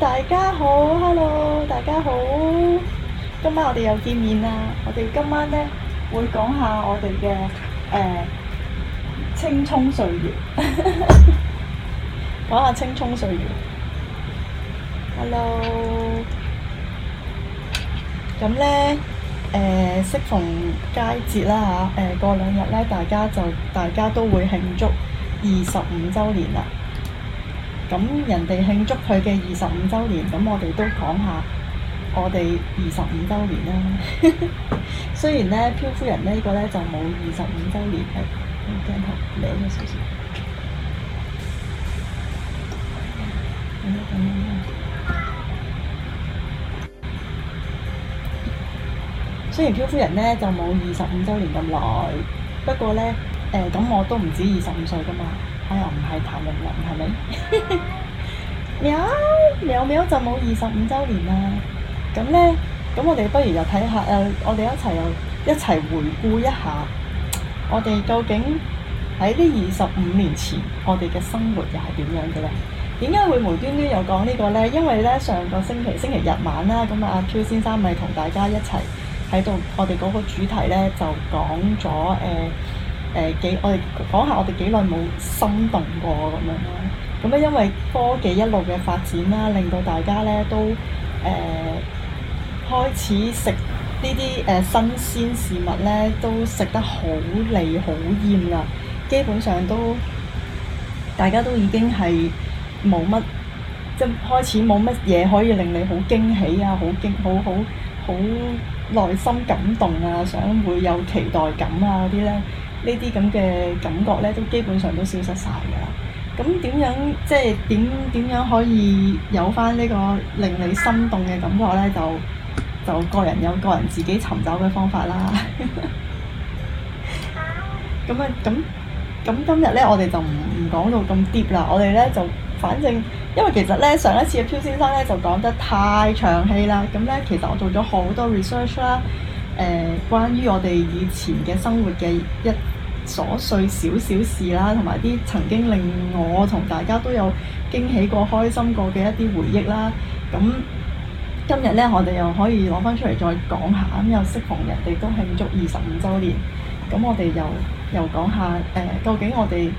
大家好，Hello，大家好，今晚我哋又見面啦。我哋今晚咧會講下我哋嘅誒青蔥歲月，講下青蔥歲月。Hello，咁咧誒，適逢佳節啦吓，誒過兩日咧大家就大家都會慶祝二十五周年啦。咁人哋慶祝佢嘅二十五周年，咁我哋都講下我哋二十五周年啦。 雖然呢，漂夫人呢個呢就冇二十五周年，係鏡頭歪咗少少。嗯，嗯，嗯。雖然漂夫人呢就冇二十五周年咁耐，不過呢，誒、呃、咁我都唔止二十五歲噶嘛。我又唔係譚詠麟，係咪、哎？ 喵喵喵就冇二十五周年啦。咁呢，咁我哋不如又睇下，誒、呃，我哋一齊又一齊回顧一下，我哋究竟喺呢二十五年前，我哋嘅生活又係點樣嘅咧？點解會無端端又講呢個呢？因為呢，上個星期星期日晚啦，咁啊，阿 Q 先生咪同大家一齊喺度，我哋嗰個主題呢就講咗誒。呃誒、呃、幾我哋講下我哋幾耐冇心動過咁樣啦。咁咧因為科技一路嘅發展啦，令到大家咧都誒、呃、開始食呢啲誒新鮮事物咧，都食得好膩好厭啦。基本上都大家都已經係冇乜即係開始冇乜嘢可以令你好驚喜啊，好驚好好好內心感動啊，想會有期待感啊啲咧。呢啲咁嘅感覺呢，都基本上都消失晒噶啦。咁點樣即係點點樣可以有翻呢個令你心動嘅感覺呢？就就個人有個人自己尋找嘅方法啦。咁啊咁咁今日呢，我哋就唔唔講到咁 deep 啦。我哋呢，就反正，因為其實呢，上一次嘅漂先生呢，就講得太長氣啦。咁呢，其實我做咗好多 research 啦。誒、呃，關於我哋以前嘅生活嘅一瑣碎少少事啦，同埋啲曾經令我同大家都有驚喜過、開心過嘅一啲回憶啦。咁、嗯、今日呢，我哋又可以攞翻出嚟再講下，咁又適逢人哋都慶祝二十五週年。咁、嗯、我哋又又講下誒、呃，究竟我哋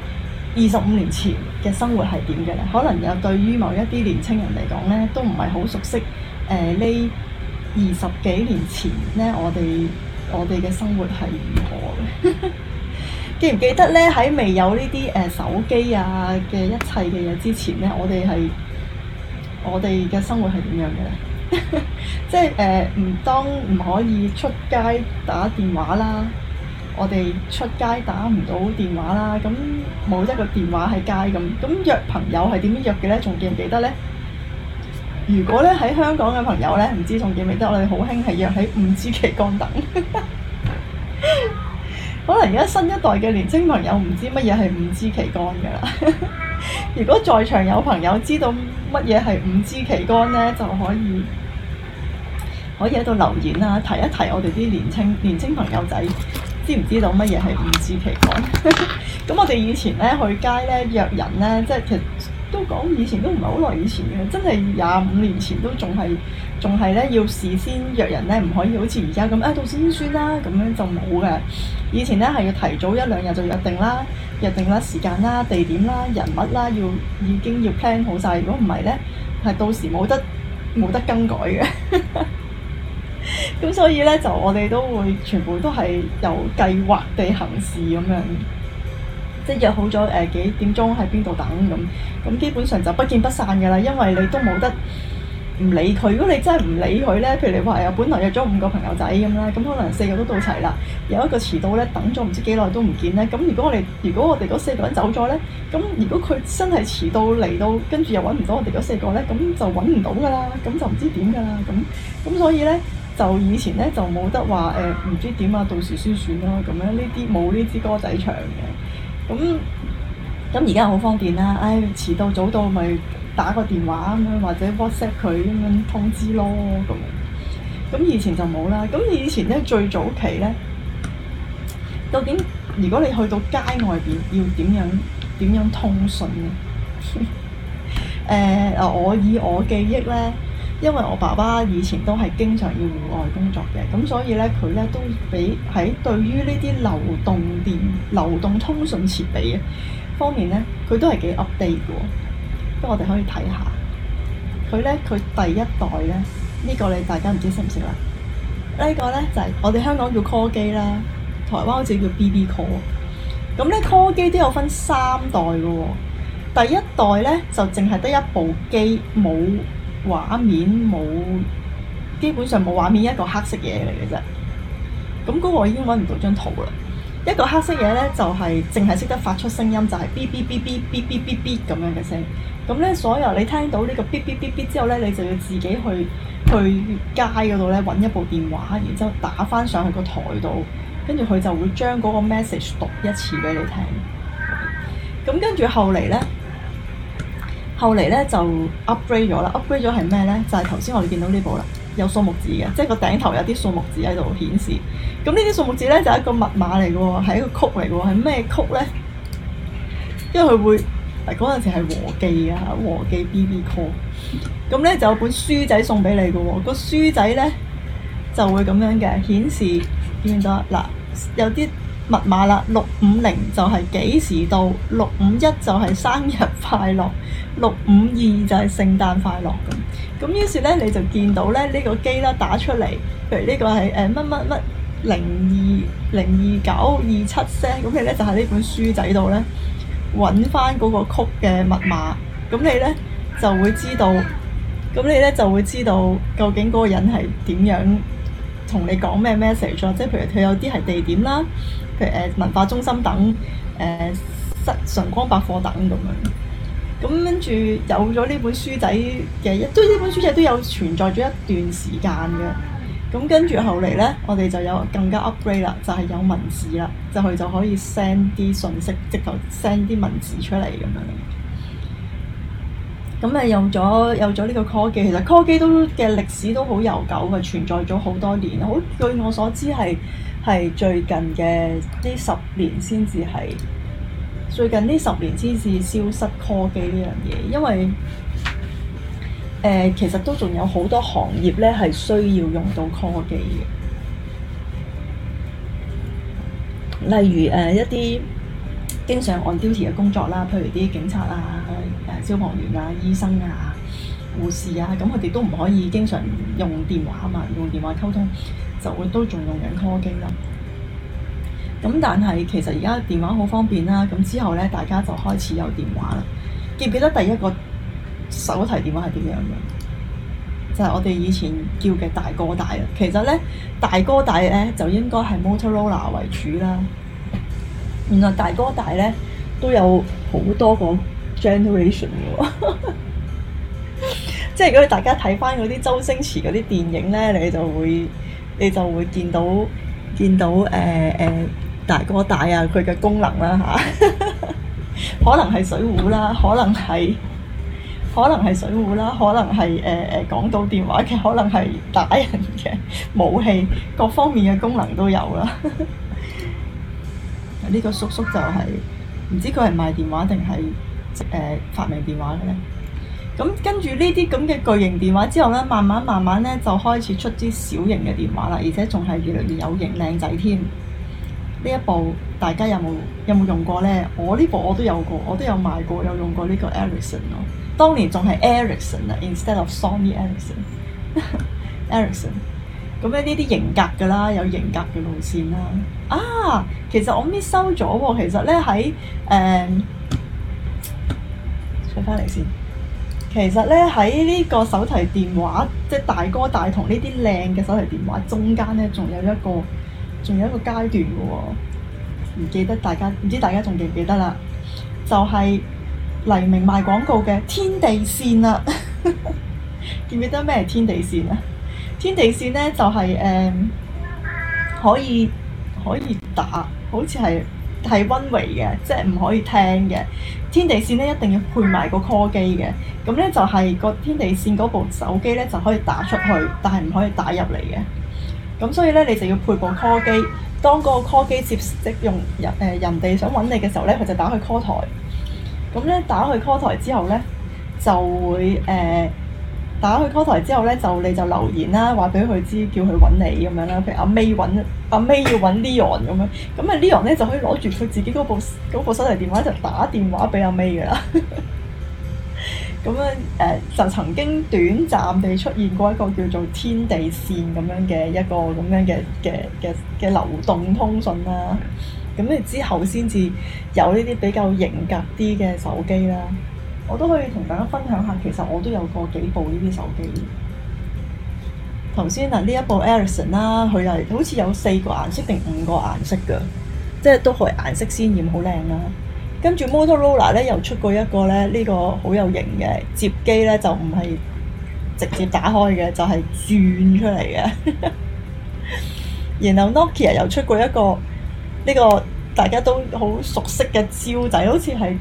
二十五年前嘅生活係點嘅咧？可能有對於某一啲年青人嚟講呢，都唔係好熟悉誒呢。呃二十幾年前呢，我哋我哋嘅生活係如何嘅？ 記唔記得呢？喺未有呢啲誒手機啊嘅一切嘅嘢之前呢，我哋係我哋嘅生活係點樣嘅咧？ 即係唔當唔可以出街打電話啦，我哋出街打唔到電話啦，咁冇一個電話喺街咁，咁約朋友係點樣約嘅呢？仲記唔記得呢？如果咧喺香港嘅朋友咧，唔知仲記唔記得我哋好興係約喺五支旗杆等， 可能而家新一代嘅年青朋友唔知乜嘢係五支旗杆噶啦。 如果在場有朋友知道乜嘢係五支旗杆咧，就可以可以喺度留言呀，提一提我哋啲年青年青朋友仔知唔知道乜嘢係五支旗杆？咁 我哋以前咧去街咧約人咧，即係其。都講以前都唔係好耐以前嘅，真係廿五年前都仲係仲係咧要事先約人咧，唔可以好似而家咁啊，到時先算啦，咁樣就冇嘅。以前咧係要提早一兩日就約定啦，約定啦時間啦、地點啦、人物啦，要已經要 plan 好晒。如果唔係咧，係到時冇得冇得更改嘅。咁 所以咧就我哋都會全部都係有計劃地行事咁樣。即係約好咗誒幾點鐘喺邊度等咁，咁基本上就不見不散嘅啦。因為你都冇得唔理佢。如果你真係唔理佢咧，譬如你話啊，本來約咗五個朋友仔咁咧，咁可能四個都到齊啦，有一個遲到咧，等咗唔知幾耐都唔見咧。咁如果我哋如果我哋嗰四個人走咗咧，咁如果佢真係遲到嚟到，跟住又揾唔到我哋嗰四個咧，咁就揾唔到噶啦，咁就唔知點噶啦。咁咁所以咧，就以前咧就冇得話誒，唔知點啊，到時先算啦。咁樣呢啲冇呢支歌仔唱嘅。咁咁而家好方便啦，唉，遲到早到咪打個電話咁樣，或者 WhatsApp 佢咁樣通知咯，咁樣。咁以前就冇啦，咁以前咧最早期咧，究竟如果你去到街外邊，要點樣點樣通訊咧？誒、 呃，我以我記憶咧。因為我爸爸以前都係經常要戶外工作嘅，咁所以咧佢咧都比喺對於呢啲流動電、流動通訊設備嘅方面咧，佢都係幾 update 嘅喎。不過我哋可以睇下佢咧，佢第一代咧呢、呢個你大家唔知識唔識啦？呢個、呢個咧就係、係、我哋香港叫 call 機啦，台灣好似叫 BB call。咁咧 call 機都有分三代嘅喎、哦，第一代咧就淨係得一部機冇。畫面冇，基本上冇畫面，一個黑色嘢嚟嘅啫。咁嗰個已經揾唔到張圖啦。一個黑色嘢咧，就係淨係識得發出聲音，就係「嗶嗶嗶嗶嗶嗶嗶嗶」咁樣嘅聲。咁咧，所有你聽到呢個「嗶嗶嗶嗶」之後咧，你就要自己去去街嗰度咧揾一部電話，然之後打翻上去個台度，跟住佢就會將嗰個 message 讀一次俾你聽。咁跟住後嚟咧。後嚟咧就 upgrade 咗啦，upgrade 咗係咩咧？就係頭先我哋見到呢部啦，有數目字嘅，即係個頂頭有啲數目字喺度顯示。咁呢啲數目字咧就係一個密碼嚟嘅，係一個曲嚟嘅，係咩曲咧？因為佢會嗱，嗰陣時係和記啊，和記 BB call。咁咧就有本書仔送俾你嘅喎，個書仔咧就會咁樣嘅顯示，見到嗱，有啲。密碼啦，六五零就係幾時到，六五一就係生日快樂，六五二就係聖誕快樂咁。咁於是咧，你就見到咧呢、呢個機啦打出嚟，譬如呢個係誒乜乜乜零二零二九二七聲咁嘅咧，就喺呢本書仔度咧揾翻嗰個曲嘅密碼，咁你咧就會知道，咁你咧就會知道究竟嗰個人係點樣。同你講咩 message，即係譬如佢有啲係地點啦，譬如誒文化中心等，誒、呃，室晨光百貨等咁樣。咁跟住有咗呢本書仔嘅一，即係呢本書仔都有存在咗一段時間嘅。咁跟住後嚟咧，我哋就有更加 upgrade 啦，就係、是、有文字啦，就係就可以 send 啲信息，直頭 send 啲文字出嚟咁樣。咁誒、嗯、用咗用咗呢個 Call 機。其實 Call 機都嘅歷史都好悠久嘅，存在咗好多年。好，據我所知係係最近嘅呢十年先至係最近呢十年先至消失 Call 機呢樣嘢，因為誒、呃、其實都仲有好多行業咧係需要用到 Call 機嘅，例如誒、呃、一啲。經常按 duty 嘅工作啦，譬如啲警察啊、消防員啊、醫生啊、護士啊，咁佢哋都唔可以經常用電話啊嘛，用電話溝通就會都仲用緊 call 機咯。咁但係其實而家電話好方便啦，咁之後呢，大家就開始有電話啦。記唔記得第一個手提電話係點樣嘅？就係我哋以前叫嘅大哥大啊。其實呢，大哥大呢，就應該係 Motorola 為主啦。原來、嗯、大哥大咧都有好多個 generation 嘅、哦， 即係如果大家睇翻嗰啲周星馳嗰啲電影咧，你就會你就會見到見到誒誒、呃呃、大哥大啊，佢嘅功能啦嚇，可能係水壺啦，可能係可能係水壺啦，可能係誒誒講到電話嘅，可能係打人嘅武器，各方面嘅功能都有啦、啊。 呢個叔叔就係，唔知佢係賣電話定係誒發明電話嘅咧。咁跟住呢啲咁嘅巨型電話之後咧，慢慢慢慢咧就開始出啲小型嘅電話啦，而且仲係越嚟越有型靚仔添。呢一部大家有冇有冇用過咧？我呢部我都有過，我都有賣過，有用過呢個 Ericsson 咯。當年仲係 Ericsson 啊，instead of Sony Ericsson。 Ericsson。咁咧呢啲型格噶啦，有型格嘅路線啦。啊，其實我未收咗喎。其實咧喺誒，出翻嚟先。其實咧喺呢個手提電話，即係大哥大同呢啲靚嘅手提電話中間咧，仲有一個，仲有一個階段嘅喎。唔記得大家，唔知大家仲記唔記得啦？就係、是、黎明賣廣告嘅天地線啦。記唔記得咩天地線啊？ 記天地線咧就係、是、誒、呃、可以可以打，好似係係 one way 嘅，即係唔可以聽嘅。天地線咧一定要配埋個 call 機嘅，咁咧就係個天地線嗰部手機咧就可以打出去，但係唔可以打入嚟嘅。咁所以咧你就要配部 call 機，當嗰個 call 機接適用人誒、呃、人哋想揾你嘅時候咧，佢就打去 call 台。咁咧打去 call 台之後咧就會誒。呃打去 call 台之後咧，就你就留言啦，話俾佢知，叫佢揾你咁樣啦。譬如阿 May 阿 May 要揾 Leon 咁樣，咁啊 Leon 咧就可以攞住佢自己嗰部部手提電話就打電話俾阿 May 噶啦。咁啊誒就曾經短暫地出現過一個叫做天地線咁樣嘅一個咁樣嘅嘅嘅嘅流動通訊啦。咁你之後先至有呢啲比較型格啲嘅手機啦。我都可以同大家分享下，其實我都有過幾部呢啲手機。頭先嗱，呢一部 Ericsson 啦，佢係好似有四個顏色定五個顏色嘅，即係都係顏色鮮豔，好靚啦。跟住 Motorola 咧，又出過一個咧，呢、這個好有型嘅摺機咧，就唔係直接打開嘅，就係、是、轉出嚟嘅。 然後 Nokia、ok、又出過一個呢、這個大家都好熟悉嘅蕉仔，好似係。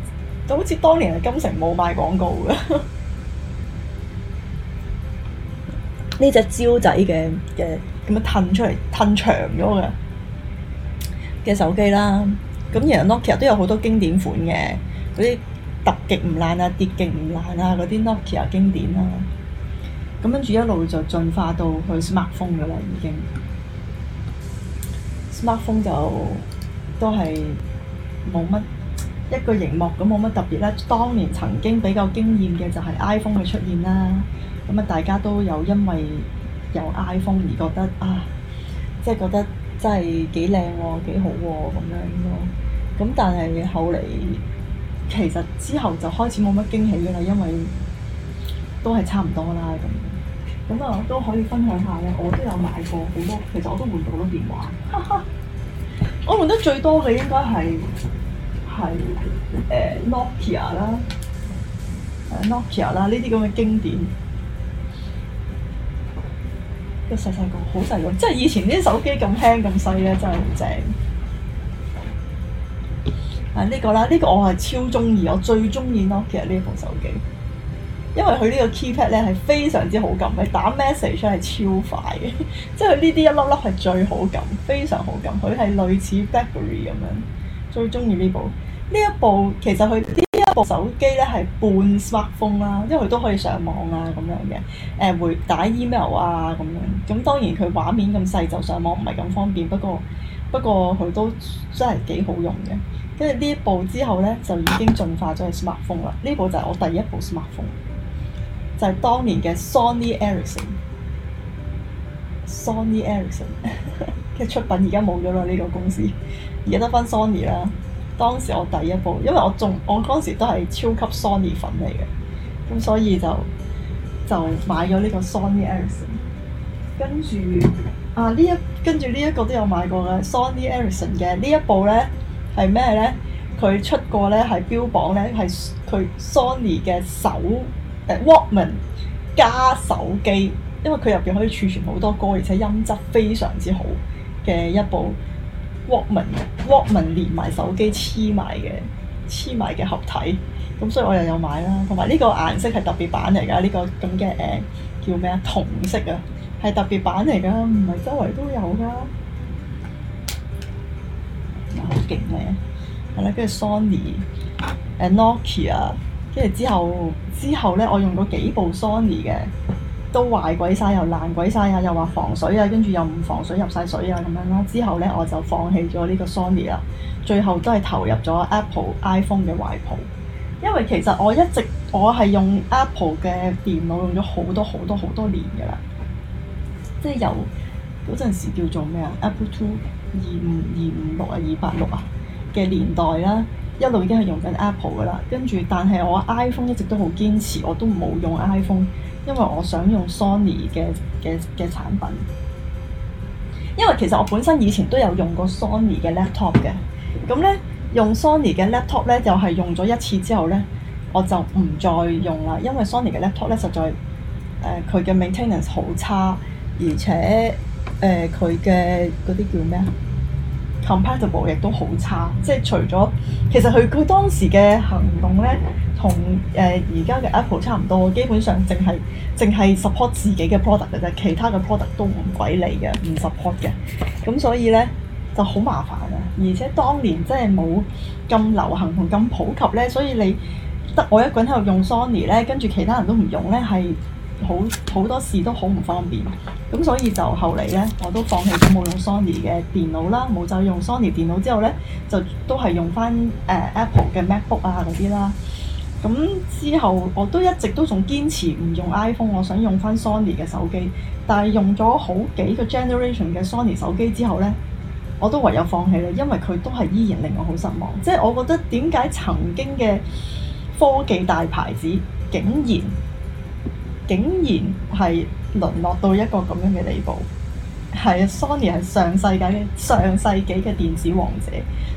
好似當年係金城冇賣廣告嘅， 呢隻蕉仔嘅嘅咁樣褪出嚟，褪長咗嘅嘅手機啦。咁而家 Nokia、ok、都有好多經典款嘅，嗰啲特極唔爛啊，跌極唔爛啊，嗰啲 Nokia、ok、經典啊。咁跟住一路就進化到去 smartphone 嘅啦，已經 smartphone 就都係冇乜。一個熒幕咁冇乜特別啦。當年曾經比較驚艷嘅就係 iPhone 嘅出現啦。咁啊，大家都有因為有 iPhone 而覺得啊，即係覺得真係幾靚喎，幾好喎，哦、咁樣咯。咁但係後嚟，其實之後就開始冇乜驚喜噶啦，因為都係差唔多啦咁。咁啊，樣都可以分享下咧。我都有買過好多，其實我都換到好多電話哈哈。我換得最多嘅應該係。係誒、uh, Nokia 啦、uh,，Nokia 啦，呢啲咁嘅經典。個細細個好細個，即係以前啲手機咁輕咁細咧，真係好正。啊，呢個啦，呢個我係超中意，我最中意 Nokia、ok、呢部手機，因為佢呢個 keypad 咧係非常之好撳，係打 message 係超快嘅，即係佢呢啲一粒粒係最好撳，非常好撳，佢係類似 BlackBerry 咁樣。最中意呢部，呢一部其實佢呢一部手機咧係半 smartphone 啦，因為佢都可以上網啊咁樣嘅，誒、呃、會打 email 啊咁樣。咁、嗯、當然佢畫面咁細就上網唔係咁方便，不過不過佢都真係幾好用嘅。跟住呢一部之後咧就已經進化咗係 smartphone 啦，呢部就係我第一部 smartphone，就係當年嘅、er、Sony Ericsson，Sony Ericsson。 嘅出品而家冇咗啦，呢、這個公司而家得翻 Sony 啦。當時我第一部，因為我仲我嗰時都係超級 Sony 粉嚟嘅，咁所以就就買咗呢個 Sony Ericsson。跟住啊呢一跟住呢一個都有買過嘅 Sony Ericsson 嘅呢一部咧係咩咧？佢出過咧係標榜咧係佢 Sony 嘅手誒、呃、Walkman 加手機，因為佢入邊可以儲存好多歌，而且音質非常之好。嘅一部 Walkman Walkman 連埋手機黐埋嘅黐埋嘅合體，咁所以我又有買啦。同埋呢個顏色係特別版嚟噶，呢個咁嘅誒叫咩啊，銅色啊，係特別版嚟噶，唔係周圍都有噶。好勁咩？係啦，跟住 Sony，誒 Nokia，跟住之後之後咧，我用過幾部 Sony 嘅。都壞鬼晒，又爛鬼晒，啊！又話防水啊，跟住又唔防水入晒水啊咁樣啦。之後呢，我就放棄咗呢個 Sony 啦，最後都係投入咗 Apple iPhone 嘅懷抱，因為其實我一直我係用 Apple 嘅電腦用咗好多好多好多年噶啦，即係由嗰陣時叫做咩啊 Apple II 二五二五六啊二八六啊嘅年代啦，一路已經係用緊 Apple 噶啦，跟住但係我 iPhone 一直都好堅持，我都冇用 iPhone。因為我想用 Sony 嘅嘅嘅產品，因為其實我本身以前都有用過 Sony 嘅 laptop 嘅，咁咧用 Sony 嘅 laptop 咧就係用咗一次之後咧，我就唔再用啦，因為 Sony 嘅 laptop 咧實在誒佢嘅 maintenance 好差，而且誒佢嘅嗰啲叫咩啊？compatible 亦都好差，即係除咗其實佢佢當時嘅行動咧，同誒而家嘅 Apple 差唔多，基本上淨係淨係 support 自己嘅 product 㗎啫，其他嘅 product 都唔鬼理嘅，唔 support 嘅。咁所以咧就好麻煩啊，而且當年即係冇咁流行同咁普及咧，所以你得我一個人喺度用 Sony 咧，跟住其他人都唔用咧，係。好好多事都好唔方便，咁所以就後嚟呢，我都放棄咗冇用 Sony 嘅電腦啦，冇再用 Sony 電腦之後呢，就都係用翻誒 Apple 嘅 MacBook 啊嗰啲啦。咁之後我都一直都仲堅持唔用 iPhone，我想用翻 Sony 嘅手機，但係用咗好幾個 generation 嘅 Sony 手機之後呢，我都唯有放棄啦，因為佢都係依然令我好失望。即係我覺得點解曾經嘅科技大牌子竟然？竟然係淪落到一個咁樣嘅地步，係啊！Sony 係上世界嘅上世紀嘅電子王者，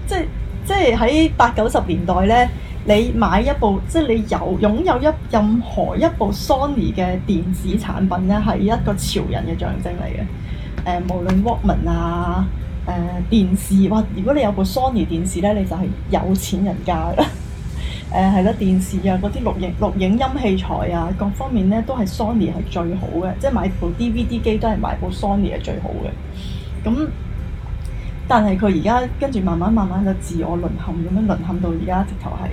即係即係喺八九十年代咧，你買一部即係你有擁有一任何一部 Sony 嘅電子產品咧，係一個潮人嘅象徵嚟嘅。誒、呃，無論 Walkman 啊，誒、呃、電視，哇！如果你有部 Sony 電視咧，你就係有錢人家啦。誒係啦，電視啊，嗰啲錄影錄影音器材啊，各方面咧都係 Sony 係最好嘅，即係買部 DVD 機都係買部 Sony 係最好嘅。咁，但係佢而家跟住慢慢慢慢就自我淪陷，咁樣淪陷到而家直頭係，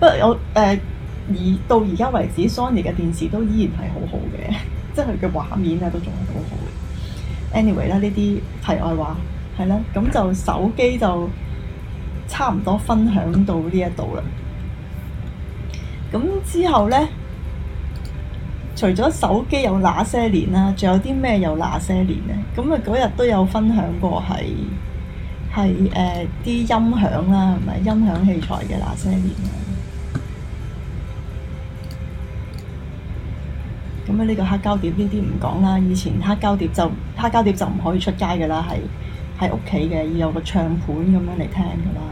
不過我誒而、呃、到而家為止 Sony 嘅電視都依然係好好嘅，即係佢嘅畫面咧都仲係好好嘅。Anyway 啦，呢啲題外話係啦，咁就手機就差唔多分享到呢一度啦。咁之後呢，除咗手機有那些年啦、啊，仲有啲咩有那些年咧、啊？咁啊嗰日都有分享過，係係誒啲音響啦，係咪音響器材嘅那些年咧、啊？咁啊呢個黑膠碟呢啲唔講啦，以前黑膠碟就黑膠碟就唔可以出街噶啦，係係屋企嘅，要有個唱盤咁樣嚟聽噶啦。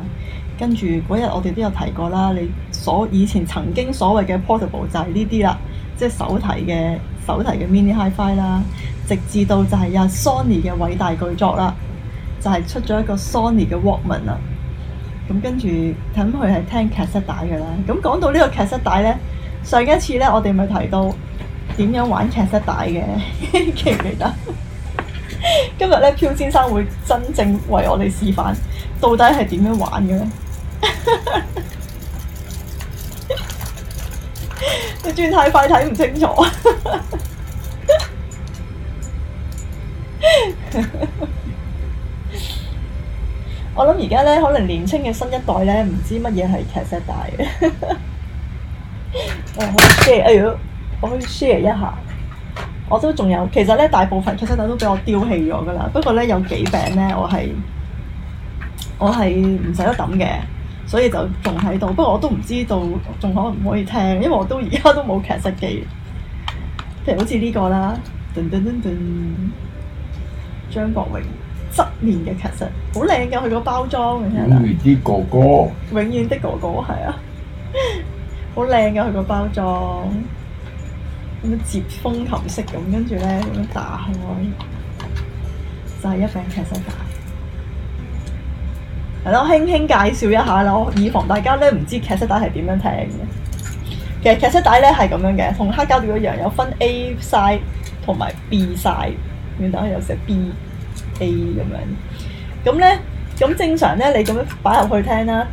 跟住嗰日我哋都有提過啦，你。所以前曾經所謂嘅 portable 就係呢啲啦，即係手提嘅手提嘅 mini hi-fi 啦，直至到就係阿 Sony 嘅偉大巨作啦，就係、是、出咗一個 Sony 嘅 Walkman 啊。咁、嗯、跟住等佢係聽 cassette 帶嘅啦。咁、嗯、講到個呢個 cassette 帶咧，上一次咧我哋咪提到點樣玩 cassette 帶嘅，記唔記得？今日咧，漂 呢先生會真正為我哋示範到底係點樣玩嘅咧。 佢轉太快睇唔清楚 我，我諗而家咧可能年青嘅新一代咧唔知乜嘢係劇集大嘅，我好驚！哎喲，我去 share 一下，我都仲有。其實咧大部分劇集大都俾我丟棄咗噶啦，不過咧有幾餅咧我係我係唔捨得抌嘅。所以就仲喺度，不過我都唔知道仲可唔可以聽，因為我都而家都冇劇集嘅。譬如好似呢個啦，張國榮側面嘅劇集，好靚㗎佢個包裝，你聽、嗯嗯嗯、永遠的哥哥。永遠的哥哥係啊，好靚㗎佢個包裝，咁樣接風琴式咁，跟住咧咁樣打開，就係、是、一柄人劇集打。係咯，輕輕介紹一下咯，以防大家咧唔知卡式帶係點樣聽嘅。其實卡式帶咧係咁樣嘅，同黑膠碟一樣，有分 A side 同埋 B side 原來係有寫 B A 咁樣。咁咧，咁正常咧，你咁樣擺落去聽啦，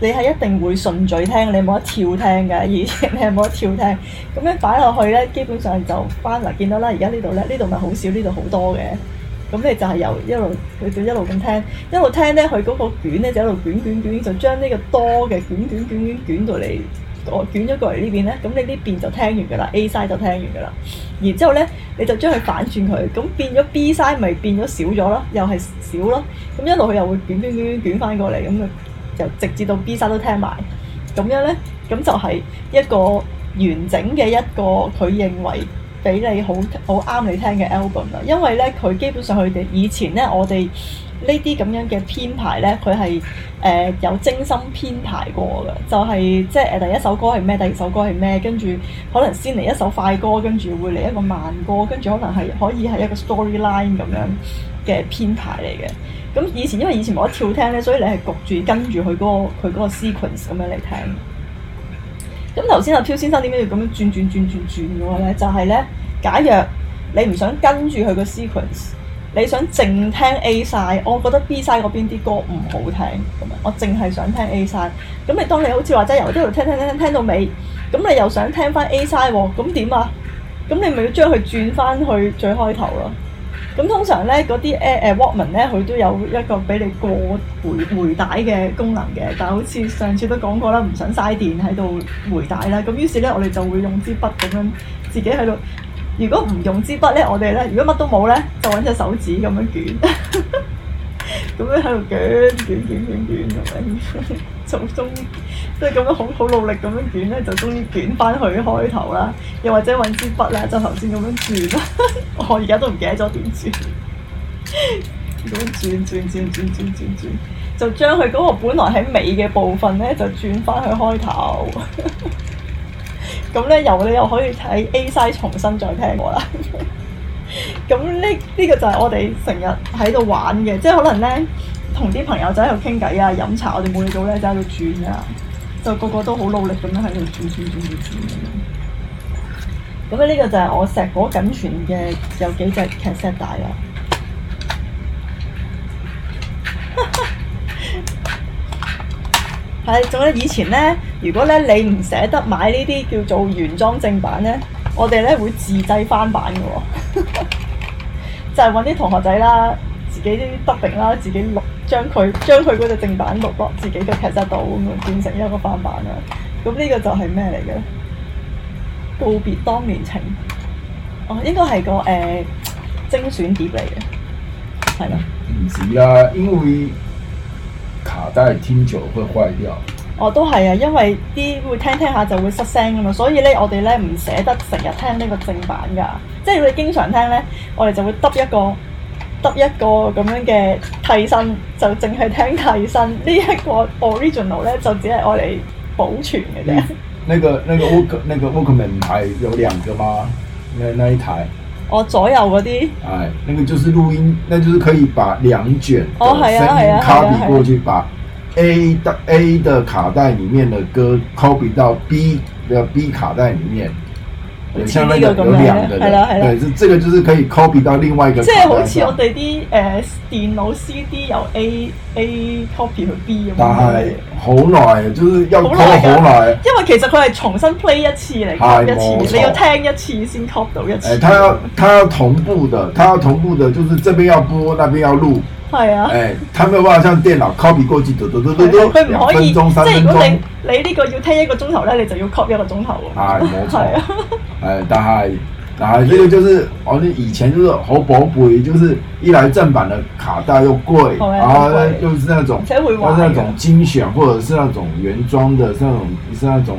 你係一定會順序聽，你冇得跳聽嘅，而且你係冇得跳聽。咁樣擺落去咧，基本上就翻嚟見到啦，而家呢度咧，呢度咪好少，呢度好多嘅。咁你就係由一路佢就一路咁聽，一路聽咧，佢嗰個卷咧就一路捲卷捲，就將呢個多嘅卷卷卷卷捲到嚟過捲咗過嚟呢邊咧，咁你呢邊就聽完㗎啦，A side 就聽完㗎啦。然之後咧，你就將佢反轉佢，咁變咗 B side 咪變咗少咗咯，又係少咯。咁一路佢又會捲卷卷捲翻過嚟，咁就由直至到 B side 都聽埋。咁樣咧，咁就係一個完整嘅一個佢認為。俾你好好啱你聽嘅 album 啦，因為咧佢基本上佢哋以前咧我哋呢啲咁樣嘅編排咧，佢係誒有精心編排過嘅，就係、誒、即係第一首歌係咩，第二首歌係咩，跟住可能先嚟一首快歌，跟住會嚟一個慢歌，跟住可能係可以係一個 storyline 咁樣嘅編排嚟嘅。咁以前因為以前冇得跳聽咧，所以你係焗住跟住佢嗰個佢嗰個 sequence 咁樣嚟聽。咁頭先阿漂先生點解要咁樣轉轉轉轉轉嘅咧？就係咧，假若你唔想跟住佢個 sequence，你想淨聽 A side，我覺得 B side 嗰邊啲歌唔好聽，咁我淨係想聽 A side。咁你當你好似話齋由呢度聽聽聽聽到尾，咁你又想聽翻 A side 喎？咁點啊？咁你咪要將佢轉翻去最開頭咯？咁通常咧，嗰啲誒誒 walkman 咧，佢、呃啊、都有一個俾你過回回帶嘅功能嘅。但係好似上次都講過啦，唔想嘥電喺度回帶啦。咁於是咧，我哋就會用支筆咁樣自己喺度。如果唔用支筆咧，我哋咧，如果乜都冇咧，就揾隻手指咁樣捲，咁樣喺度捲卷卷捲咁樣。呵呵就終於即係咁樣好好努力咁樣捲咧，就終於捲翻去開頭啦。又或者揾支筆咧，就頭先咁樣轉。 我而家都唔記得咗點轉，點 樣轉轉轉轉轉轉轉，就將佢嗰個本來喺尾嘅部分咧，就轉翻去開頭。咁 咧，由你又可以睇 A side 重新再聽過啦。咁呢呢個就係我哋成日喺度玩嘅，即係可能咧。同啲朋友仔喺度傾偈啊，飲茶，我哋冇嘢做咧，就喺度轉啊，就個個都好努力咁樣喺度轉轉轉轉轉咁樣。咁咧呢個就係我碩果僅存嘅有幾隻 cassette 帶啦。係，仲有以前咧，如果咧你唔捨得買呢啲叫做原裝正版咧，我哋咧會自製翻版嘅喎、哦， 就係揾啲同學仔啦，自己 editing 啦，自己錄。將佢將佢嗰隻正版錄落自己嘅劇集度咁樣，變成一個翻版啊！咁呢個就係咩嚟嘅？告別當年情哦，應該係個誒、呃、精選碟嚟嘅，係咯。唔止啦，因為卡帶聽久會壞掉。我、哦、都係啊，因為啲會聽聽下就會失聲㗎嘛。所以咧我哋咧唔捨得成日聽呢個正版㗎，即、就、係、是、我哋經常聽咧，我哋就會得一個。得一個咁樣嘅替身，就淨係聽替身呢一、這個 original 咧，就只係我哋保存嘅啫。那個那個 work 那個 Walkman 台有兩個嗎？那那一台？哦，左右嗰啲。哎，那個就是錄音，那就是可以把兩卷嘅聲、哦、啊 copy、啊啊啊啊、過去，把 A 的 A 的卡帶裡面嘅歌 copy 到 B 嘅 B 卡帶裡面。呢、那個咁樣，係啦係啦，對，對是這個就是可以 copy 到另外一個。即係好似我哋啲誒電腦 CD 由 A A copy 去 B 咁。但係好耐，就是要 copy 好耐。因為其實佢係重新 play 一次嚟，哎、一次錯你要聽一次先 copy 到一次。誒、哎，他要他要同步的，他要同步的，就是這邊要播，那邊要錄。係啊，誒、欸，咁又話上電腦 copy 過去，讀讀讀讀讀，是是兩分鐘、三分鐘，你呢個要聽一個鐘頭咧，你就要 copy 一個鐘頭喎，係冇、哎、錯，誒、啊，大概、哎，大概呢個就是，好似 以前就是好寶貴，就是一來正版的卡帶又貴，啊的，又是那種，又是那種精選，或者是那種原裝的，是那種是那種。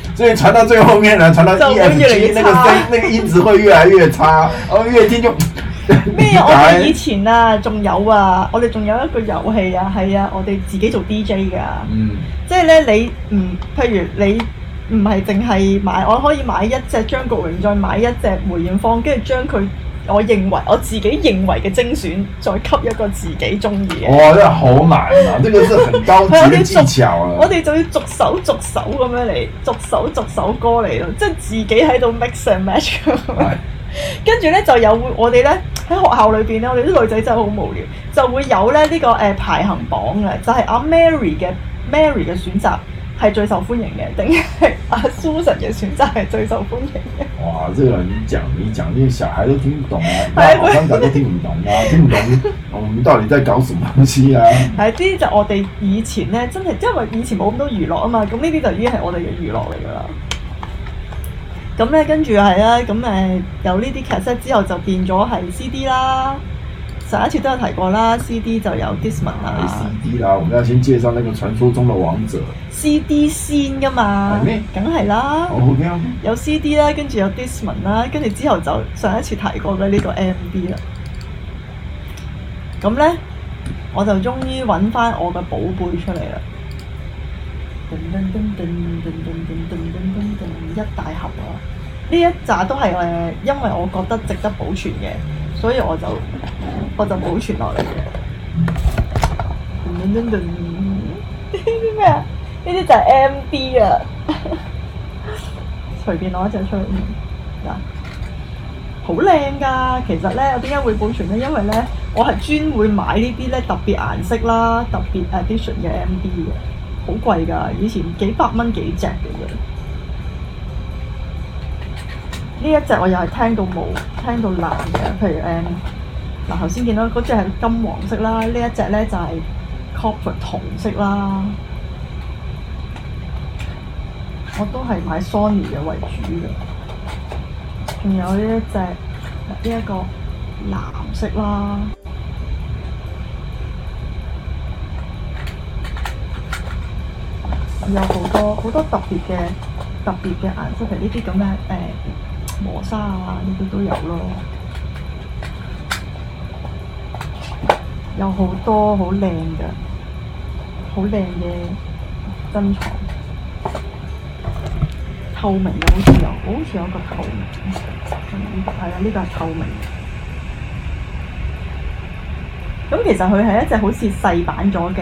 所以傳到最後面啦，傳到一耳機，那個聲、那個音質會越嚟越差，然後越聽就咩啊？我哋以前啊，仲有啊，我哋仲有一個遊戲啊，係啊，我哋自己做 DJ 噶，即係咧，你唔、嗯，譬如你唔係淨係買，我可以買一隻張國榮，再買一隻梅艷芳，跟住將佢。我認為我自己認為嘅精選，再給一個自己中意嘅。哇，真係好難啊！呢個真係很高超嘅技巧啊！ 我哋 就要逐首逐首咁樣嚟，逐首逐首歌嚟咯，即係自己喺度 mix and match。係。跟住呢，就有會我哋呢喺學校裏邊呢，我哋啲女仔真係好無聊，就會有咧呢個誒排行榜嘅，就係阿 Mary 嘅 Mary 嘅選擇。係最受歡迎嘅，定係阿 Susan 嘅選擇係最受歡迎嘅。哇！呢個你講，你講啲小孩都聽唔懂啊，學生仔都聽唔懂啊，聽唔懂。 我唔得，你真係搞神秘師啊！係啊，呢啲就我哋以前咧，真係因為以前冇咁多娛樂啊嘛，咁呢啲就已經係我哋嘅娛樂嚟噶啦。咁咧、 嗯，跟住係啦，咁、嗯、誒有呢啲劇室之後，就變咗係 CD 啦。上一次都有提過啦，CD 就有 Discman 啦、啊。CD 啦，我們要先介紹那個傳說中的王者。CD 先噶嘛？梗係嗎啦。好聽。有 CD 啦，跟住有 Discman 啦，跟住之後就上一次提過嘅呢個 MD 啦。咁、嗯、呢，我就終於揾翻我嘅寶貝出嚟啦。叮叮叮叮叮叮叮叮叮叮叮！一大盒啊！呢一紮都係誒，因為我覺得值得保存嘅。所以我就我就保存落嚟嘅。呢啲咩啊？呢啲就係 MD 啊，隨便攞一隻出去，嗱，好靚㗎！其實呢，我點解會保存呢？因為呢，我係專會買呢啲特別顏色啦，特別 edition 嘅 MD 嘅，好貴㗎，以前幾百蚊幾隻嘅樣。呢一隻我又係聽到冇聽到藍嘅，譬如誒，嗱頭先見到嗰隻係金黃色啦，一呢一隻咧就係、是、copper 銅色啦，我都係買 Sony 嘅為主嘅，仲有呢一隻呢一個藍色啦，有好多好多特別嘅特別嘅顏色，譬如呢啲咁嘅誒。嗯磨砂啊，呢啲都有咯，有好多好靚嘅，好靚嘅珍藏，透明又好似有，好似有個透明，咁、嗯、啊，呢、呢個係透明嘅。咁其實佢係一隻好似細版咗嘅誒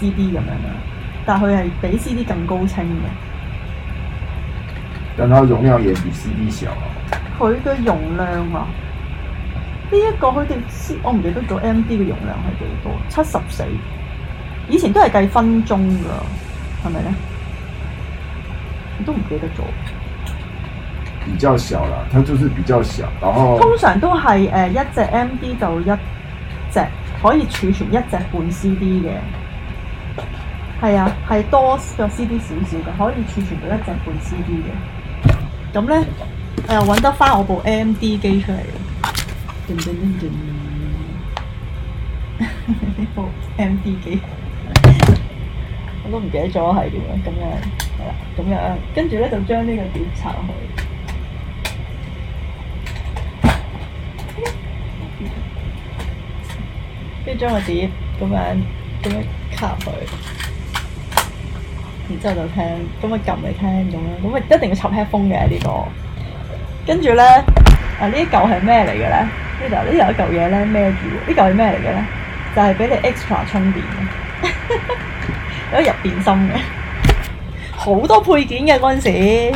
CD 咁樣啦，但係佢係比 CD 更高清嘅。但佢容量也比 C D 小啊！佢嘅容量啊，呢、這、一個佢哋 C 我唔記得咗 M D 嘅容量係幾多？七十四，以前都係計分鐘噶，係咪咧？都唔記得咗。比較小啦，佢就是比較小。然後通常都係誒、呃、一隻 M D 就一隻可以儲存一隻半 C D 嘅，係啊，係多個 C D 少少嘅，可以儲存到一隻半 C D 嘅。咁咧，我又揾得翻我部 M D 機出嚟嘅。呢部 M D 機，我都唔記得咗係點樣咁樣，係啦，咁樣跟住咧就將呢個碟插落去，跟住將個碟咁樣咁樣卡落去。然之後就聽，咁咪撳嚟聽咁樣，咁咪一定要插 headphone 嘅呢個。跟住咧，啊呢一舊係咩嚟嘅咧？呢度呢有一舊嘢咧咩住，呢舊係咩嚟嘅咧？就係俾你 extra 充電嘅，一 入電芯嘅，好多配件嘅嗰陣時。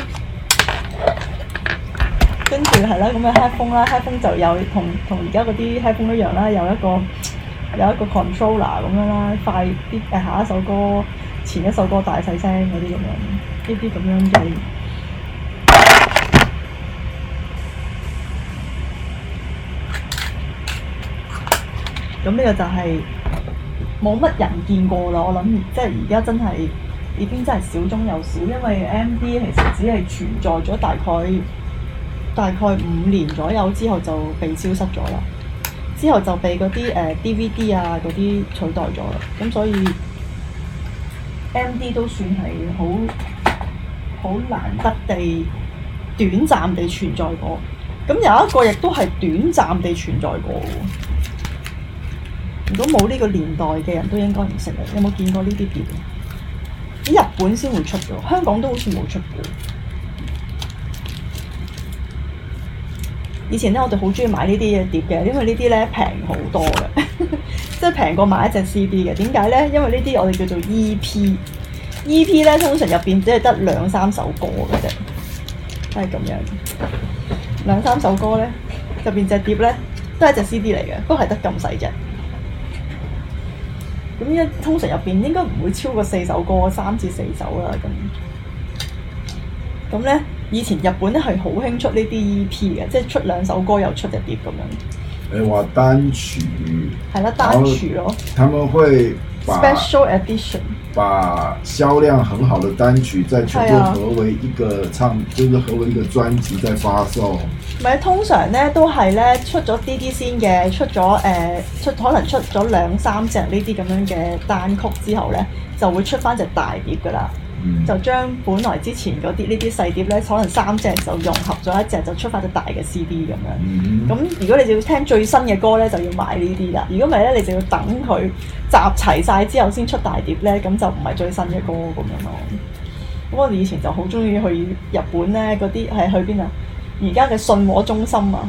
跟住係啦，咁嘅 headphone 啦，headphone 就有同同而家嗰啲 headphone 一樣啦，有一個有一個 controller 咁樣啦，快啲誒下一首歌。前一首歌大細聲嗰啲咁樣，呢啲咁樣嘅。咁呢個就係冇乜人見過啦。我諗即係而家真係已經真係少中有少，因為 M D 其實只係存在咗大概大概五年左右之後就被消失咗啦。之後就被嗰啲誒、呃、D V D 啊嗰啲取代咗啦。咁所以 MD 都算係好好難得地短暫地存在過，咁有一個亦都係短暫地存在過。如果冇呢個年代嘅人都應該唔識嘅，有冇見過呢啲碟？喺日本先會出嘅，香港都好似冇出過。以前咧，我哋好中意買呢啲嘅碟嘅，因為呢啲咧平好多嘅。都平過買一隻 CD 嘅，點解呢？因為呢啲我哋叫做 EP，EP 咧 EP 通常入邊只係得兩三首歌嘅啫，都係咁樣。兩三首歌呢入邊隻碟呢，都係一隻 CD 嚟嘅，都係得咁細隻。咁一通常入邊應該唔會超過四首歌，三至四首啦。咁咁咧，以前日本咧係好興出呢啲 EP 嘅，即係出兩首歌又出一隻碟咁樣。誒、哎，哇！單曲，係啦后，單曲咯，哦，他們會把 special edition，把銷量很好的單曲，再全部合為一個唱，即、嗯、是合為一個專輯再發售。咪通常咧都係咧出咗啲啲先嘅，出咗誒出、呃、出可能出咗兩三隻呢啲咁樣嘅單曲之後咧，就會出翻隻大碟噶啦。就將本來之前嗰啲呢啲細碟咧，可能三隻就融合咗一隻，就出翻隻大嘅 CD 咁樣。咁、mm hmm. 如果你就要聽最新嘅歌咧，就要買要呢啲啦。如果唔係咧，你就要等佢集齊晒之後先出大碟咧，咁就唔係最新嘅歌咁樣咯。咁我哋以前就好中意去日本咧，嗰啲係去邊啊？而家嘅信和中心啊，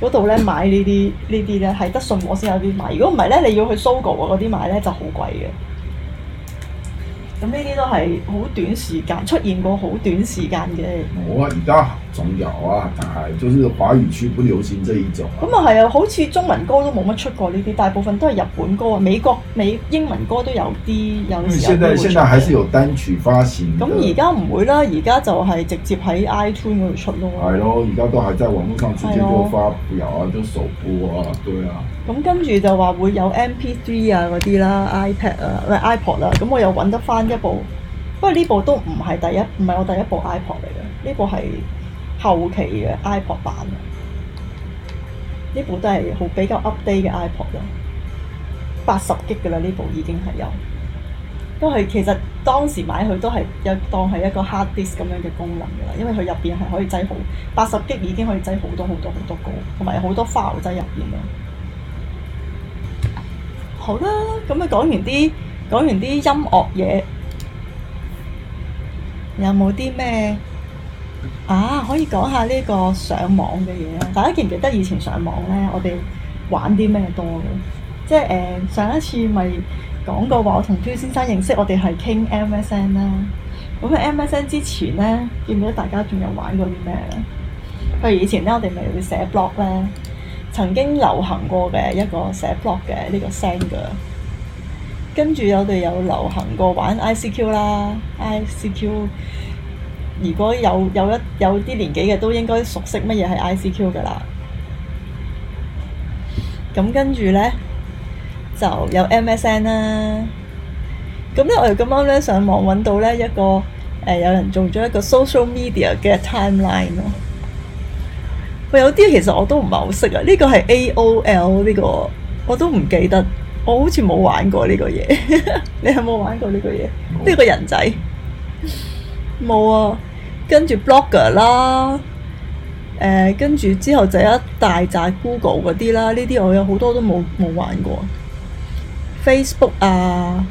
嗰度咧買呢啲呢啲咧，係得信和先有啲買。如果唔係咧，你要去 Sogo 嗰啲買咧就好貴嘅。咁呢啲都係好短時間出現過，好短時間嘅。冇啊、哦，而家仲有啊，但係就是華語區不流行這一種。咁啊係啊，好似中文歌都冇乜出過呢啲，大部分都係日本歌啊、美國美英文歌都有啲、嗯、有時候都現在現還是有單曲發行。咁而家唔會啦，而家就係直接喺 iTunes 嗰度出咯。係咯、哎，而家都係即係網上直接嗰個發佈啊，都數播啊，啊對啊。咁跟住就話會有 MP3 啊嗰啲啦，iPad 啊、喂 iPod 啦，咁、啊嗯啊、我又揾得翻一部，不過呢部都唔係第一，唔係我第一部 iPod 嚟嘅，呢部係後期嘅 iPod 版，呢部都係好比較 update 嘅 iPod 啦，八十 G 噶啦，呢部已經係有，都係其實當時買佢都係有當係一個 hard disk 咁樣嘅功能噶啦，因為佢入邊係可以擠好八十 G 已經可以擠好多好多好多歌，同埋好多 file 擠入邊啦。好啦，咁啊講完啲講完啲音樂嘢。有冇啲咩啊？可以講下呢個上網嘅嘢，大家記唔記得以前上網咧，我哋玩啲咩多嘅？即係誒、呃、上一次咪講過話，我同漂先生認識我，我哋係傾 MSN 啦。咁喺 MSN 之前咧，記唔記得大家仲有玩過啲咩咧？譬如以前咧，我哋咪會寫 blog 咧，曾經流行過嘅一個寫 blog 嘅呢個 Xanga。跟住有哋有流行過玩 ICQ 啦，ICQ 如果有有一有啲年紀嘅都應該熟悉乜嘢係 ICQ 噶啦。咁跟住咧就有 MSN 啦。咁咧我哋今啱咧上網揾到咧一個誒、呃、有人做咗一個 social media 嘅 timeline 咯。佢有啲其實我都唔係好識啊，呢、這個係 AOL 呢、這個我都唔記得。我好似冇玩過呢個嘢， 你有冇玩過呢個嘢？呢沒有 個人仔冇啊，跟住 Blogger 啦，跟、呃、住之後就一大扎 Google 嗰啲啦，呢啲我有好多都冇冇玩過。Facebook 啊，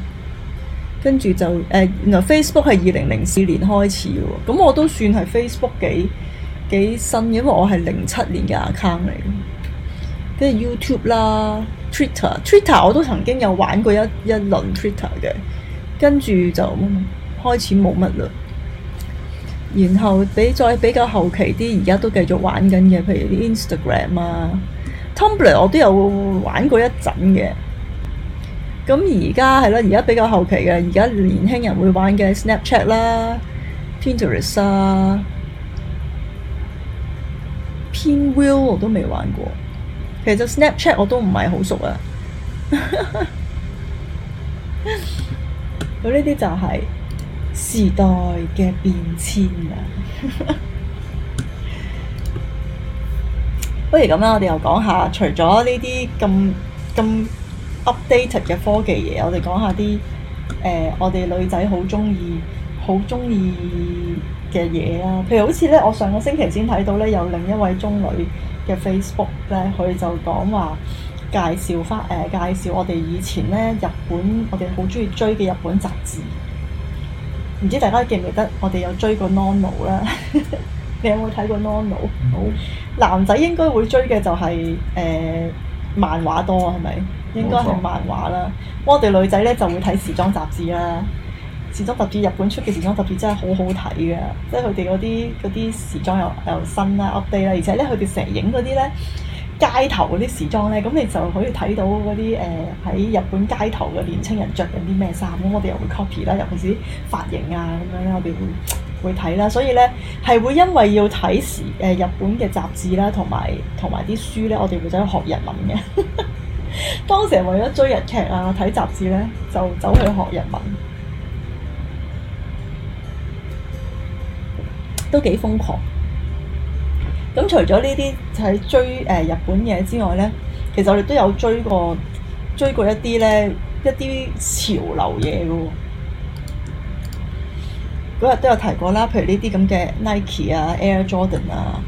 跟住就誒、呃，原來 Facebook 係二零零四年開始嘅，咁我都算係 Facebook 幾幾新嘅，因為我係零七年嘅 account 嚟。即係 YouTube 啦 Twitter，Twitter，Twitter 我都曾經有玩過一一輪 Twitter 嘅，跟住就開始冇乜啦。然後比再比較後期啲，而家都繼續玩緊嘅，譬如啲 Instagram 啊，Tumblr 我都有玩過一陣嘅。咁而家係咯，而家比較後期嘅，而家年輕人會玩嘅 Snapchat 啦，Pinterest 啊，Pinwheel 我都未玩過。其實 Snapchat 我都唔係好熟 這這一一、呃、啊，咁呢啲就係時代嘅變遷啊。不如咁啦，我哋又講下除咗呢啲咁咁 updated 嘅科技嘢，我哋講下啲誒我哋女仔好中意、好中意嘅嘢啦。譬如好似咧，我上個星期先睇到咧，有另一位中女。嘅 Facebook 咧，佢就講話介紹返誒介紹我哋以前咧，日本我哋好中意追嘅日本雜誌，唔知大家記唔記得我哋有追過 Nono、 嗯，就是呃、啦？你有冇睇過 Nono？好男仔應該會追嘅就係誒漫畫多啊，係咪？應該係漫畫啦。我哋女仔咧就會睇時裝雜誌啦。時裝雜誌日本出嘅時裝雜誌真係好好睇嘅，即係佢哋嗰啲嗰啲時裝又又新啦、update 啦，而且咧佢哋成日影嗰啲咧街頭嗰啲時裝咧，咁你就可以睇到嗰啲誒喺日本街頭嘅年青人着緊啲咩衫，咁我哋又會 copy 啦，尤其是啲髮型啊咁樣咧，我哋會會睇啦，所以咧係會因為要睇時誒日本嘅雜誌啦，同埋同埋啲書咧，我哋會走去學日文嘅。 當時係為咗追日劇啊、睇雜誌咧，就走去學日文。都幾瘋狂，咁除咗呢啲就係追誒、呃、日本嘢之外呢，其實我哋都有追過追過一啲呢，一啲潮流嘢噶。嗰日都有提過啦，譬如呢啲咁嘅 Nike 啊 Air Jordan 啊。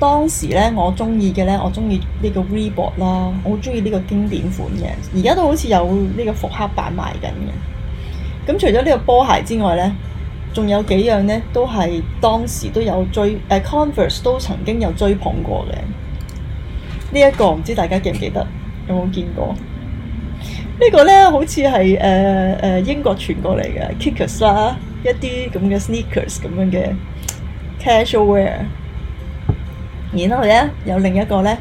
當時呢，我中意嘅呢，我中意呢個 Reebok 啦、啊，我好中意呢個經典款嘅，而家都好似有呢個復刻版賣緊嘅。咁除咗呢個波鞋之外呢。仲有幾樣呢？都係當時都有追，誒、呃、Converse 都曾經有追捧過嘅。呢、這、一個唔知大家記唔記得，有冇見過？呢、這個呢，好似係誒誒英國傳過嚟嘅 Kickers 啦，一啲咁嘅 sneakers 咁樣嘅 casual wear。然後呢，有另一個呢，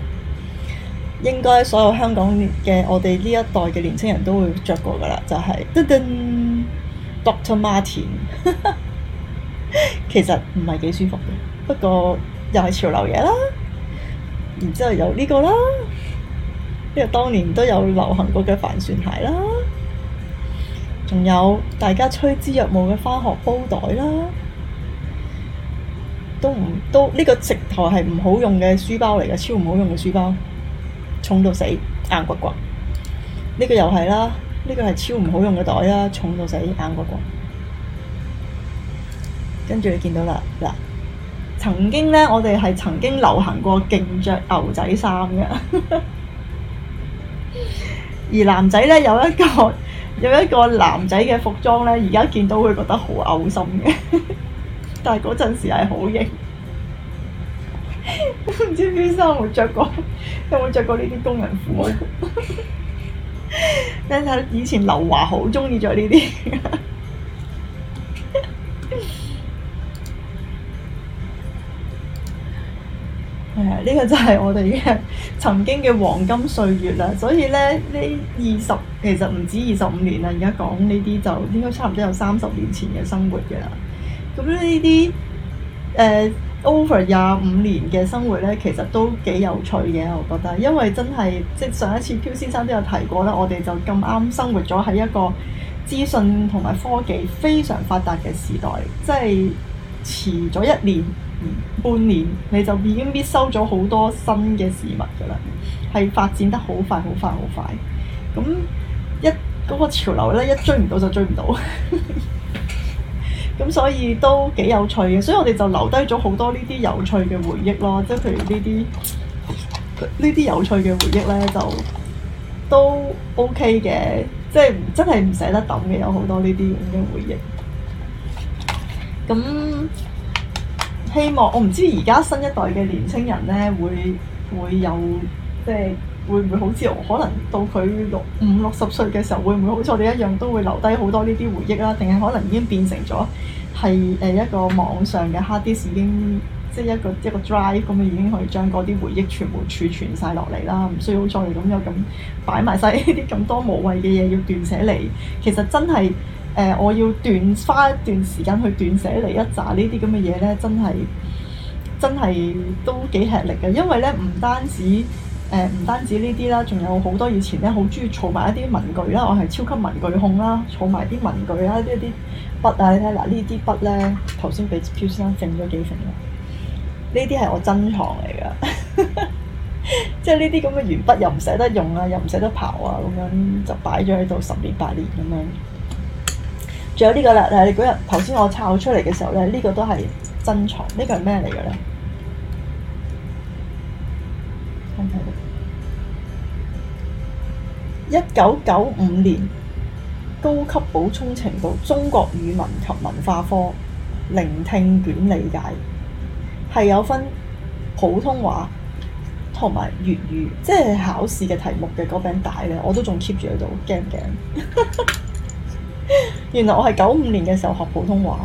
應該所有香港嘅我哋呢一代嘅年輕人都會着過噶啦，就係噔噔。登登 Dr. Martin， 其實唔係幾舒服嘅，不過又係潮流嘢啦。然之後有呢個啦，呢個當年都有流行過嘅帆船鞋啦，仲有大家趨之若鶩嘅翻學煲袋啦，都唔都呢個直頭係唔好用嘅書包嚟嘅，超唔好用嘅書包，重到死，硬骨骨。呢個又係啦。呢個係超唔好用嘅袋啦，重到死，硬過過。跟住你見到啦，嗱，曾經咧，我哋係曾經流行過勁着牛仔衫嘅， 而男仔咧，有一個有一個男仔嘅服裝咧，而家見到會覺得好嘔心嘅， 但係嗰陣時係好型，唔 知邊個冇着著過，有冇着過呢啲工人褲？ 睇以前劉華好中意著呢啲，係啊！呢、 哎呢個就係我哋嘅曾經嘅黃金歲月啦。所以咧，呢二十，其實唔止二十五年啦。而家講呢啲就應該差唔多有三十年前嘅生活嘅啦。咁呢啲誒。呃 Over 廿五年嘅生活呢，其實都幾有趣嘅，我覺得。因為真係，即係上一次漂先生都有提過啦，我哋就咁啱生活咗喺一個資訊同埋科技非常發達嘅時代，即係遲咗一年、嗯、半年，你就已經接收咗好多新嘅事物㗎啦，係發展得好快、好快、好快。咁一嗰、嗰個潮流呢，一追唔到就追唔到。 咁所以都幾有趣嘅，所以我哋就留低咗好多呢啲有趣嘅回憶咯。即係譬如呢啲呢啲有趣嘅回憶咧，就都 OK 嘅，即係真係唔捨得抌嘅。有好多呢啲咁嘅回憶。咁希望我唔知而家新一代嘅年青人咧，會會有即係會唔會好似我可能到佢六五六十歲嘅時候，會唔會好似我哋一樣都會留低好多呢啲回憶啦？定係可能已經變成咗？係誒一個網上嘅 hard disk 已經即係一個一個 drive 咁啊，已經可以將嗰啲回憶全部儲存晒落嚟啦，唔需要再咁又咁擺埋晒呢啲咁多無謂嘅嘢要斷捨離。其實真係誒、呃，我要斷花一段時間去斷捨離一紮呢啲咁嘅嘢咧，真係真係都幾吃力嘅。因為咧唔單止誒唔、呃、單止呢啲啦，仲有好多以前咧，好中意儲埋一啲文具啦，我係超級文具控啦，儲埋啲文具啦，呢啲。筆啊，你睇嗱呢啲筆咧，頭先俾漂先生剩咗幾成咯。呢啲係我珍藏嚟噶，即係呢啲咁嘅鉛筆又唔捨得用啊，又唔捨得刨啊，咁樣就擺咗喺度十年八年咁樣。仲有呢個啦，誒，嗰日頭先我抄出嚟嘅時候咧，呢個都係珍藏，呢個係咩嚟嘅咧？睇睇，一九九五年。高級補充程度中國語文及文化科聆聽卷理解，係有分普通話同埋粵語，即係考試嘅題目嘅嗰餅帶咧，我都仲 keep 住喺度，驚唔驚？ 原來我係九五年嘅時候學普通話，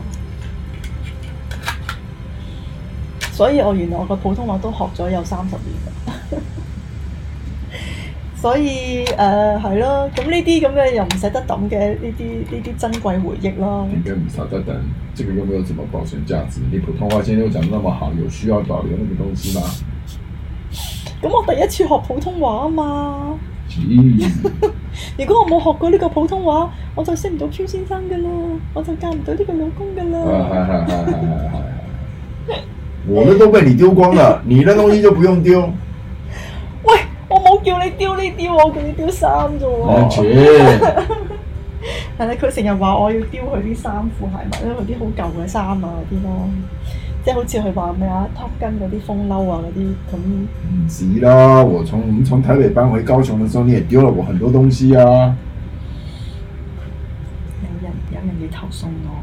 所以我原來我個普通話都學咗有三十年。所以誒係、呃、咯，咁呢啲咁嘅又唔捨得抌嘅呢啲呢啲珍貴回憶咯。點解唔捨得抌？即、這個、又冇有乜嘢保存價值。你普通話先又講得那麼好，有需要保留呢個東西嗎？咁、嗯、我第一次學普通話啊嘛。呂 如果我冇學過呢個普通話，我就識唔到 Q 先生嘅咯，我就嫁唔到呢個老公嘅啦。係係係係係係。我的都被你丟光了，你的東西就不用丟。 叫你丟呢啲喎，我叫你丟衫啫喎。唔止，但係佢成日話我要丟佢啲衫褲鞋襪，因為佢啲好舊嘅衫啊嗰啲咯，即係好似佢話咩啊，Top Gun 嗰啲風褸啊嗰啲咁。唔止咯，我從我從台北搬回高雄嘅時候，你係丟咗我很多東西啊。有人有人要投訴我。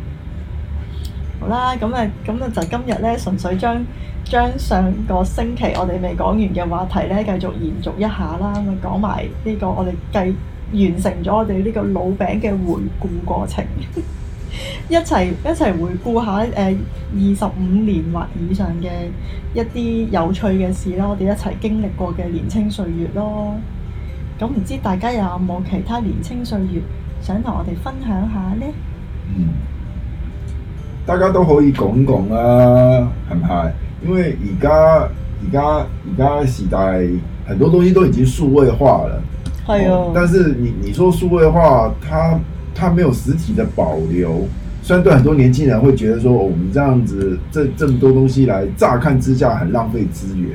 好啦，咁啊咁啊，就今日咧，純粹將。將上個星期我哋未講完嘅話題咧，繼續延續一下啦，咁啊講埋呢個我哋繼完成咗我哋呢個老餅嘅回顧過程， 一齊一齊回顧下誒二十五年或以上嘅一啲有趣嘅事啦。我哋一齊經歷過嘅年青歲月咯。咁唔知大家有冇其他年青歲月想同我哋分享下呢？嗯，大家都可以講講啦，係唔係？因為而家、而家、而家時代很多東西都已經數位化了，哎呦！嗯、但是你你說數位化，它它沒有實體的保留。雖然對很多年輕人會覺得說，我們這樣子這這麼多東西來，乍看之下很浪費資源。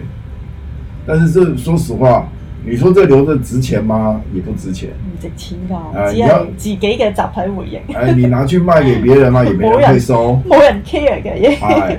但是這說實話，你說這留着值錢嗎？也不值錢。唔值錢噶、哎，只係自己的集體回憶。哎，你拿去賣給別人嘛，也沒人會收，冇人、冇人 care 嘅嘢。哎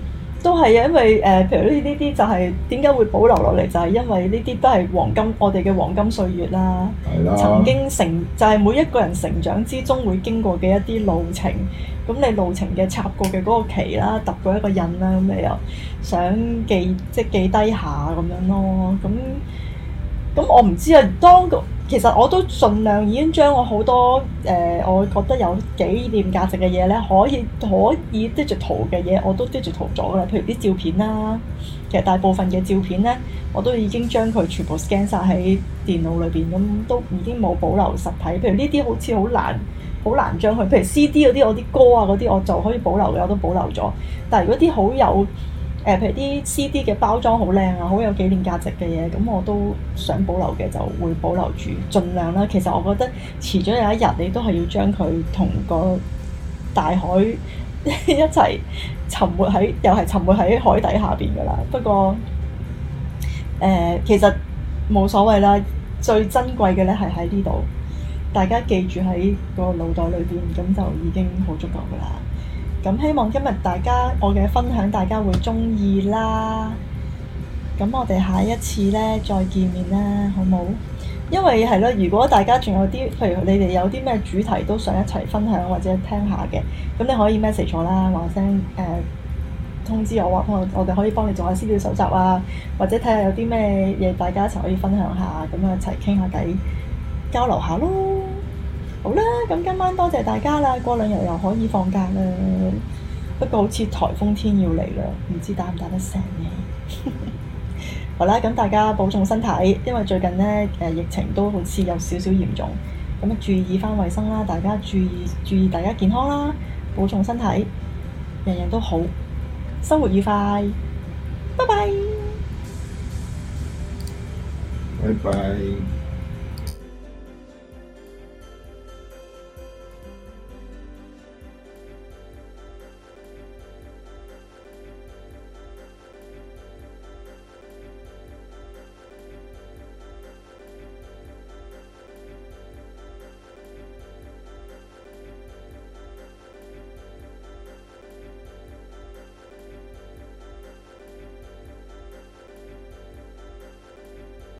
都係啊，因為誒、呃，譬如呢呢啲就係點解會保留落嚟，就係、是、因為呢啲都係黃金，我哋嘅黃金歲月啦。係啦。曾經成就係、是、每一個人成長之中會經過嘅一啲路程。咁你路程嘅插過嘅嗰個旗啦，揼過一個印啦，咁你又想記即係記低下咁樣咯。咁。咁、嗯、我唔知啊，當個其實我都盡量已經將我好多誒、呃，我覺得有紀念價值嘅嘢咧，可以可以 digital 嘅嘢我都 digital 咗嘅啦，譬如啲照片啦、啊，其實大部分嘅照片咧，我都已經將佢全部 scan 曬喺電腦裏邊，咁、嗯、都已經冇保留實體。譬如呢啲好似好難好難將佢，譬如 CD 嗰啲我啲歌啊嗰啲，我就可以保留嘅我都保留咗，但係如果啲好有。誒，譬如啲 CD 嘅包裝好靚啊，好有紀念價值嘅嘢，咁我都想保留嘅，就會保留住，盡量啦。其實我覺得遲早有一日，你都係要將佢同個大海一齊沉沒喺，又係沉沒喺海底下邊噶啦。不過誒、呃，其實冇所謂啦，最珍貴嘅咧係喺呢度，大家記住喺個腦袋裏邊，咁就已經好足夠噶啦。咁希望今日大家我嘅分享大家會中意啦。咁我哋下一次咧再見面啦，好冇？因為係咯、嗯，如果大家仲有啲，譬如你哋有啲咩主題都想一齊分享或者聽下嘅，咁你可以 message 我啦，話聲誒通知我話我我哋可以幫你做下資料搜集啊，或者睇下有啲咩嘢大家一齊可以分享下，咁樣一齊傾下偈交流下咯。好啦，咁今晚多謝大家啦，過兩日又可以放假啦。不過好似台風天要嚟啦，唔知打唔打得成你。 好啦，咁大家保重身體，因為最近呢，誒疫情都好似有少少嚴重，咁注意翻衛生啦，大家注意注意大家健康啦，保重身體，人人都好，生活愉快，拜拜，拜拜。